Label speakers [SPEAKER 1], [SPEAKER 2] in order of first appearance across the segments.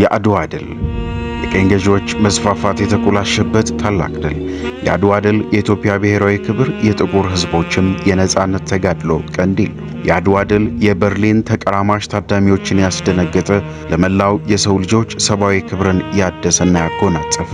[SPEAKER 1] የአድዋ ድል የቀኝ ገዢዎች መስፋፋት የተኮላሸበት ታላቅ ድል። የአድዋ ድል የኢትዮጵያ ብሔራዊ ክብር፣ የጥቁር ሕዝቦችም የነጻነት ተጋድሎ ቀንዲል የአድዋ ድል የበርሊን ተቀራማሽ ታዳሚዎችን ያስደነገጠ፣ ለመላው የሰው ልጆች ሰብአዊ ክብርን ያደሰና ያጎናጸፈ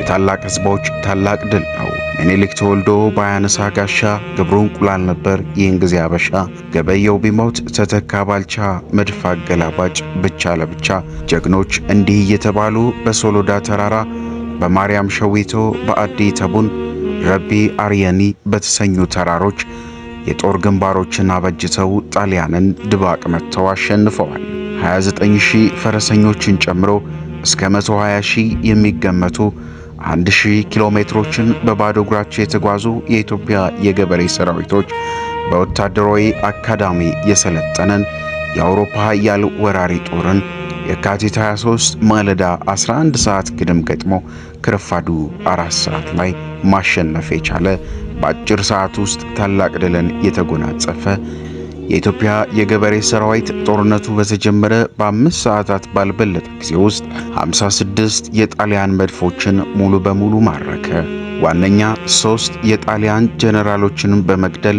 [SPEAKER 1] የታላቅ ሕዝቦች ታላቅ ድል ነው። ምኒልክ ተወልዶ ባያነሳ ጋሻ ግብሩ እንቁላል ነበር ይህን ጊዜ አበሻ። ገበየው ቢሞት ተተካ ባልቻ መድፍ አገላባጭ ብቻ ለብቻ ጀግኖች እንዲህ እየተባሉ በሶሎዳ ተራራ በማርያም ሸዊቶ በአዲ ተቡን ረቢ አርየኒ በተሰኙ ተራሮች የጦር ግንባሮችን አበጅተው ጣሊያንን ድባቅ መጥተው አሸንፈዋል። 29 ሺህ ፈረሰኞችን ጨምሮ እስከ 120 ሺህ የሚገመቱ አንድ ሺህ ኪሎ ሜትሮችን በባዶ እግራቸው የተጓዙ የኢትዮጵያ የገበሬ ሰራዊቶች በወታደራዊ አካዳሚ የሰለጠነን የአውሮፓ ኃያል ወራሪ ጦርን የካቲት 23 ማለዳ 11 ሰዓት ግድም ገጥሞ ክረፋዱ አራት ሰዓት ላይ ማሸነፍ የቻለ በአጭር ሰዓት ውስጥ ታላቅ ድልን የተጎናጸፈ የኢትዮጵያ የገበሬ ሰራዊት ጦርነቱ በተጀመረ በአምስት ሰዓታት ባልበለጠ ጊዜ ውስጥ 56 የጣሊያን መድፎችን ሙሉ በሙሉ ማረከ። ዋነኛ ሶስት የጣሊያን ጄኔራሎችንም በመግደል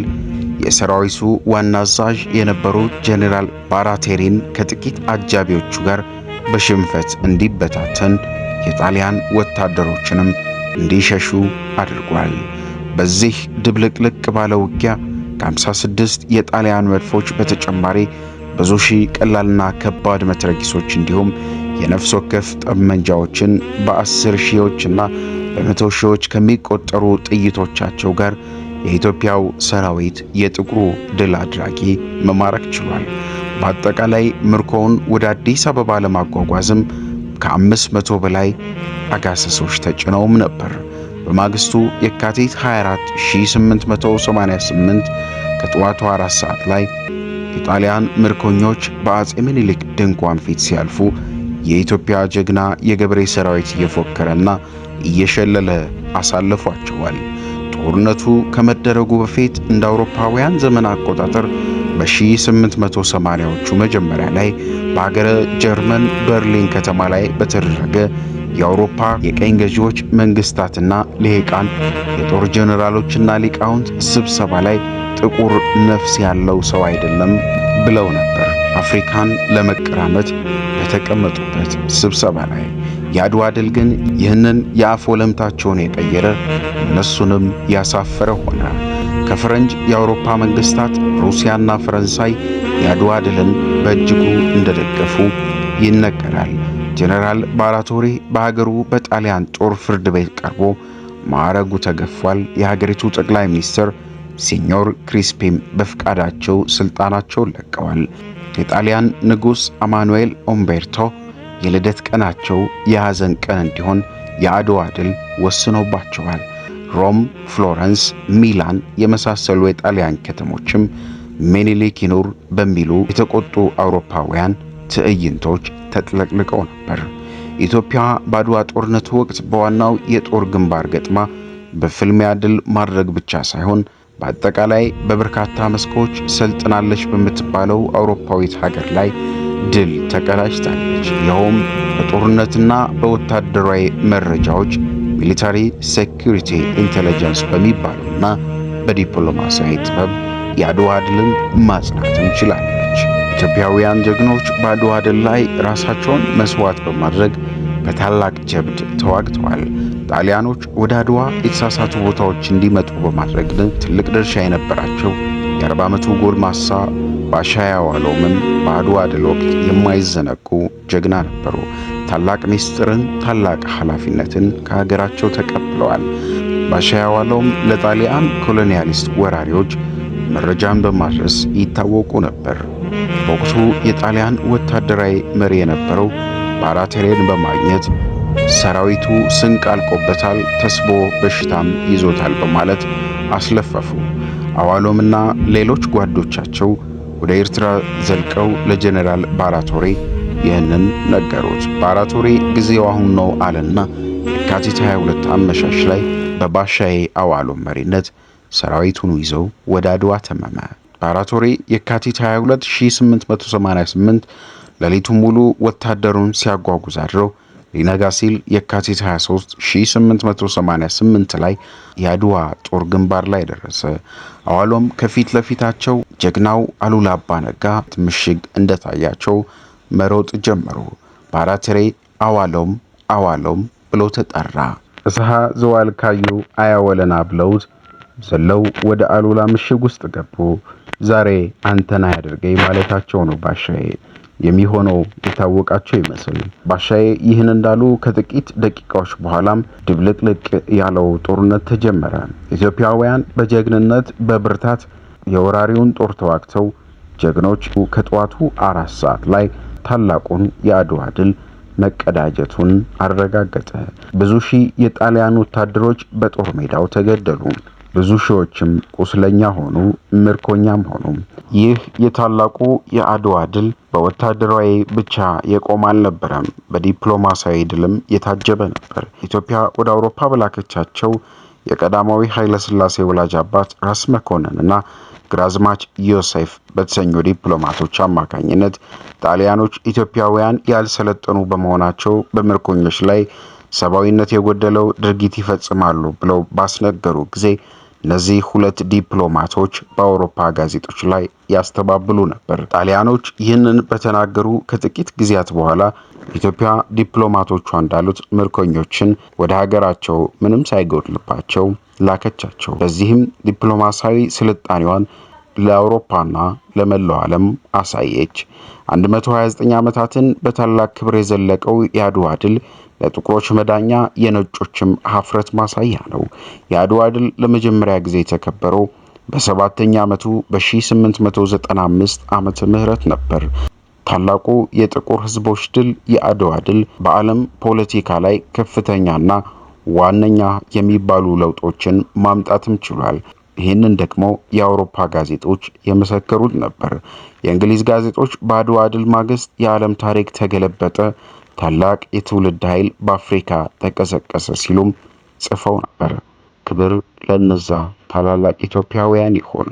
[SPEAKER 1] የሰራዊቱ ዋና አዛዥ የነበሩ ጀኔራል ባራቴሪን ከጥቂት አጃቢዎቹ ጋር በሽንፈት እንዲበታተን የጣሊያን ወታደሮችንም እንዲሸሹ አድርጓል። በዚህ ድብልቅልቅ ባለ ውጊያ ከ56 የጣሊያን መድፎች በተጨማሪ ብዙ ሺህ ቀላልና ከባድ መትረጊሶች እንዲሁም የነፍስ ወከፍ ጠመንጃዎችን በአስር ሺዎችና በመቶ ሺዎች ከሚቆጠሩ ጥይቶቻቸው ጋር የኢትዮጵያው ሰራዊት የጥቁሩ ድል አድራጊ መማረክ ችሏል። በአጠቃላይ ምርኮውን ወደ አዲስ አበባ ለማጓጓዝም ከአምስት መቶ በላይ አጋሰሶች ተጭነውም ነበር። በማግስቱ የካቲት 24 1888 ከጠዋቱ 4 ሰዓት ላይ የጣሊያን ምርኮኞች በአጼ ምኒልክ ድንኳን ፊት ሲያልፉ የኢትዮጵያ ጀግና የገብሬ ሰራዊት እየፎከረና እየሸለለ አሳልፏቸዋል። ጦርነቱ ከመደረጉ በፊት እንደ አውሮፓውያን ዘመን አቆጣጠር በ1880ዎቹ መጀመሪያ ላይ በሀገረ ጀርመን በርሊን ከተማ ላይ በተደረገ የአውሮፓ የቀኝ ገዢዎች መንግስታትና ልሂቃን የጦር ጀኔራሎችና ሊቃውንት ስብሰባ ላይ ጥቁር ነፍስ ያለው ሰው አይደለም ብለው ነበር። አፍሪካን ለመቀራመት በተቀመጡበት ስብሰባ ላይ የአድዋ ድል ግን ይህንን የአፍ ወለምታቸውን የቀየረ እነሱንም ያሳፈረ ሆነ። ከፈረንጅ የአውሮፓ መንግስታት ሩሲያና ፈረንሳይ የአድዋ ድልን በእጅጉ እንደደገፉ ይነገራል። ጄኔራል ባራቶሪ በሀገሩ በጣሊያን ጦር ፍርድ ቤት ቀርቦ ማዕረጉ ተገፏል። የሀገሪቱ ጠቅላይ ሚኒስትር ሲኞር ክሪስፒም በፍቃዳቸው ሥልጣናቸውን ለቀዋል። የጣሊያን ንጉሥ አማኑኤል ኦምቤርቶ የልደት ቀናቸው የሐዘን ቀን እንዲሆን የአድዋ ድል ወስኖባቸዋል። ሮም፣ ፍሎረንስ፣ ሚላን የመሳሰሉ የጣሊያን ከተሞችም ሜኒሊክ ይኑር በሚሉ የተቆጡ አውሮፓውያን ትዕይንቶች ተጥለቅልቀው ነበር። ኢትዮጵያ በአድዋ ጦርነቱ ወቅት በዋናው የጦር ግንባር ገጥማ በፍልሚያ ድል ማድረግ ብቻ ሳይሆን በአጠቃላይ በበርካታ መስኮች ሰልጥናለች በምትባለው አውሮፓዊት ሀገር ላይ ድል ተቀዳጅታለች። ይኸውም በጦርነትና በወታደራዊ መረጃዎች ሚሊታሪ ሴኩሪቲ ኢንቴሊጀንስ በሚባለውና በዲፕሎማሲያዊ ጥበብ የአድዋ ድልን ማጽናት ችላለች። ኢትዮጵያውያን ጀግኖች በአድዋ ድል ላይ ራሳቸውን መስዋዕት በማድረግ በታላቅ ጀብድ ተዋግተዋል። ጣሊያኖች ወደ አድዋ የተሳሳቱ ቦታዎች እንዲመጡ በማድረግ ትልቅ ድርሻ የነበራቸው የ40 ዓመቱ ጎልማሳ በአሻያ ዋለውምም በአድዋ ድል ወቅት የማይዘነጉ ጀግና ነበሩ። ታላቅ ሚስጥርን፣ ታላቅ ኃላፊነትን ከሀገራቸው ተቀብለዋል። በአሻያ ዋሎም ለጣሊያን ኮሎኒያሊስት ወራሪዎች መረጃን በማድረስ ይታወቁ ነበር። በወቅቱ የጣሊያን ወታደራዊ መሪ የነበረው ባራቴሬን በማግኘት ሰራዊቱ ስንቅ አልቆበታል፣ ተስቦ በሽታም ይዞታል በማለት አስለፈፉ። አዋሎምና ሌሎች ጓዶቻቸው ወደ ኤርትራ ዘልቀው ለጀነራል ባራቶሬ ይህንን ነገሩት። ባራቶሬ ጊዜው አሁን ነው አለና የካቲት 22 አመሻሽ ላይ በባሻዬ አዋሎ መሪነት ሰራዊቱን ይዘው ወደ አድዋ ተመመ። ባራቶሬ የካቲት 22 1888 ሌሊቱን ሙሉ ወታደሩን ሲያጓጉዝ አድረው ሊነጋ ሲል የካቲት 23 1888 ላይ የአድዋ ጦር ግንባር ላይ ደረሰ። አዋሎም ከፊት ለፊታቸው ጀግናው አሉላ አባ ነጋ ምሽግ እንደታያቸው መሮጥ ጀመሩ። ባራትሬ አዋሎም አዋሎም ብሎ ተጠራ።
[SPEAKER 2] እስሃ ዘዋል ካዩ አያወለና ብለውት ዘለው ወደ አሉላ ምሽግ ውስጥ ገቡ። ዛሬ አንተና ያደርገኝ ማለታቸው ነው ባሻዬ የሚሆነው የታወቃቸው ይመስል ባሻዬ ይህን እንዳሉ ከጥቂት ደቂቃዎች በኋላም ድብልቅልቅ ያለው ጦርነት ተጀመረ። ኢትዮጵያውያን በጀግንነት በብርታት የወራሪውን ጦር ተዋግተው ጀግኖች ከጠዋቱ አራት ሰዓት ላይ ታላቁን የአድዋ ድል መቀዳጀቱን አረጋገጠ። ብዙ ሺህ የጣሊያን ወታደሮች በጦር ሜዳው ተገደሉ። ብዙ ሺዎችም ቁስለኛ ሆኑ፣ ምርኮኛም ሆኑ። ይህ የታላቁ የአድዋ ድል በወታደራዊ ብቻ የቆመ አልነበረም፣ በዲፕሎማሲያዊ ድልም የታጀበ ነበር። ኢትዮጵያ ወደ አውሮፓ በላከቻቸው የቀዳማዊ ኃይለ ሥላሴ ወላጅ አባት ራስ መኮንንና ግራዝማች ዮሴፍ በተሰኙ ዲፕሎማቶች አማካኝነት ጣሊያኖች ኢትዮጵያውያን ያልሰለጠኑ በመሆናቸው በምርኮኞች ላይ ሰብአዊነት የጎደለው ድርጊት ይፈጽማሉ ብለው ባስነገሩ ጊዜ እነዚህ ሁለት ዲፕሎማቶች በአውሮፓ ጋዜጦች ላይ ያስተባብሉ ነበር። ጣሊያኖች ይህንን በተናገሩ ከጥቂት ጊዜያት በኋላ ኢትዮጵያ ዲፕሎማቶቿ እንዳሉት ምርኮኞችን ወደ ሀገራቸው ምንም ሳይጎድልባቸው ላከቻቸው። በዚህም ዲፕሎማሲያዊ ስልጣኔዋን ለአውሮፓና ለመላው ዓለም አሳየች። 129 ዓመታትን በታላቅ ክብር የዘለቀው የአድዋ ድል ለጥቁሮች መዳኛ የነጮችም ሀፍረት ማሳያ ነው። የአድዋ ድል ለመጀመሪያ ጊዜ የተከበረው በሰባተኛ ዓመቱ በ1895 ዓመተ ምህረት ነበር። ታላቁ የጥቁር ህዝቦች ድል የአድዋ ድል በዓለም ፖለቲካ ላይ ከፍተኛና ዋነኛ የሚባሉ ለውጦችን ማምጣትም ችሏል። ይህንን ደግሞ የአውሮፓ ጋዜጦች የመሰከሩት ነበር። የእንግሊዝ ጋዜጦች በአድዋ ድል ማግስት የዓለም ታሪክ ተገለበጠ፣ ታላቅ የትውልድ ኃይል በአፍሪካ ተቀሰቀሰ ሲሉም ጽፈው ነበር። ክብር ለነዛ ታላላቅ ኢትዮጵያውያን ይሆን።